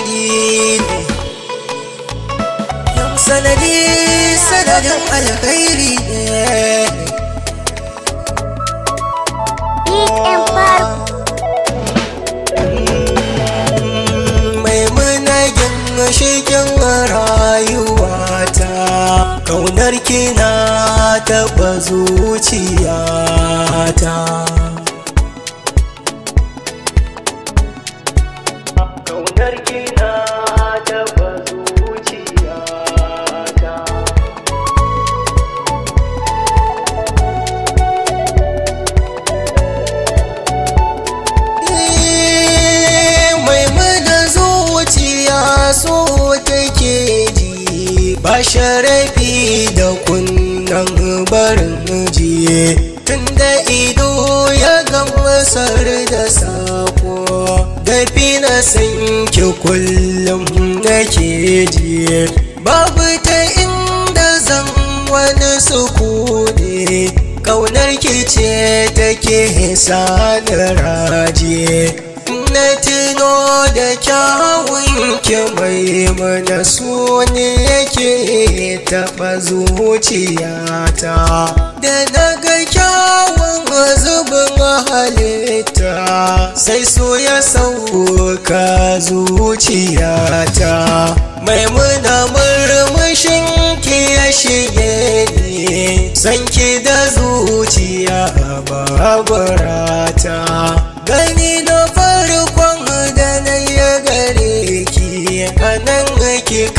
sanadi yau sanadi sanadin alkhairi mai munagin shikin rayuwata ƙaunar kina taɓa zuciyata sharafi da kunnan barin jiye tunda ido ya ga masar da sako gafi na sanki kullum nake jiye babu ta inda zan wani sukuni kaunar ki ce take sa rajiye zo da kyawunki ki mai mana su ne yake taɓa zuciyata da daga kyawun zubin halitta sai so ya sauka zuciyata mai muna murmushin ki ya shige ne sanki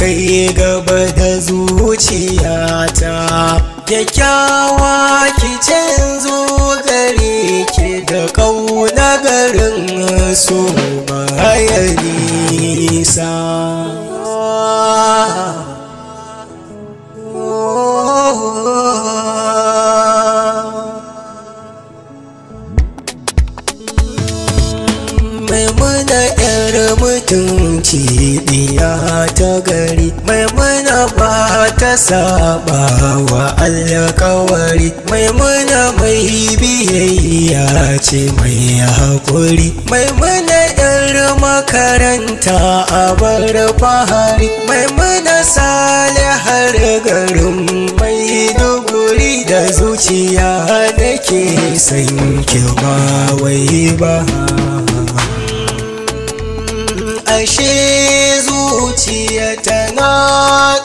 kai gaba da zuciyata kyakkyawa ki canzo gare ki da kauna garin su baya nisa maimuna yar mutunci diya ta gari maimuna ba ta saba wa alkawari maimuna mai biyayya ce mai haƙuri maimuna yar makaranta a bar fahari maimuna salihar garin mai duguri da zuciya nake san ke ba wai ba ashe zuciya tana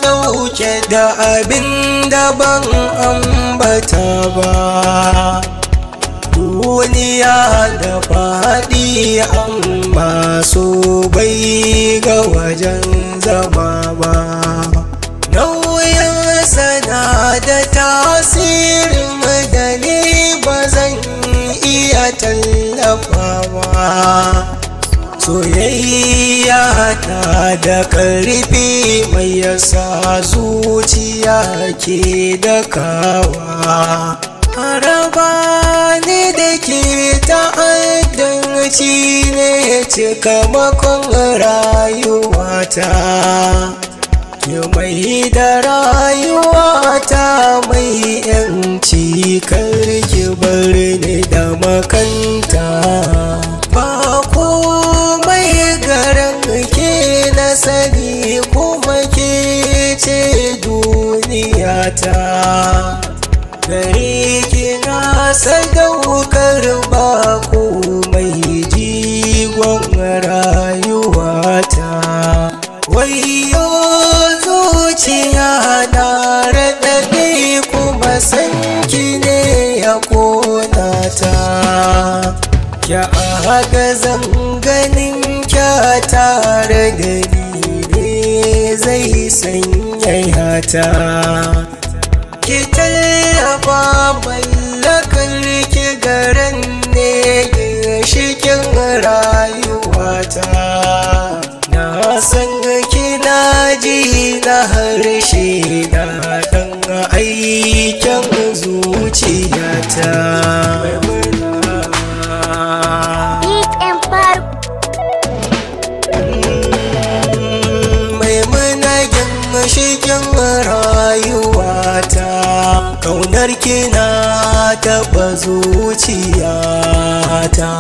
ɗauke da abin da ban ambata ba duniya da faɗi amma so bai ga wajen zama ba nauyin sana da tasirin madani ba zan iya tallafawa soyayya ta da karfi mai yasa zuciya ke da kawa haraba ne da ke ta'addanci ne cikamakon rayuwata Ki mai da rayuwata mai yanci karki bar ni da ta gari kina ba, ko mai ta? Wai wayo zuciya na raɗaɗe kuma sanki ne ya kona ta ya aga zanganin kya tare da ni ne zai sanya ta ki tallafa mallakar ki garan ne ginshikin rayuwata na san kina ji na harshe na dan aikin zuciyata mm, Maimuna gyan kaunar kina na taɓa zuciyata